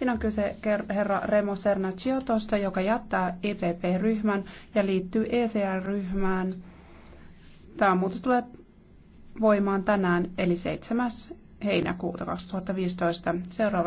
Siinä on kyse herra Remo Sernaciotosta, joka jättää EPP-ryhmän ja liittyy ECR-ryhmään. Tämä muutos tulee voimaan tänään eli 7. heinäkuuta 2015. Seuraava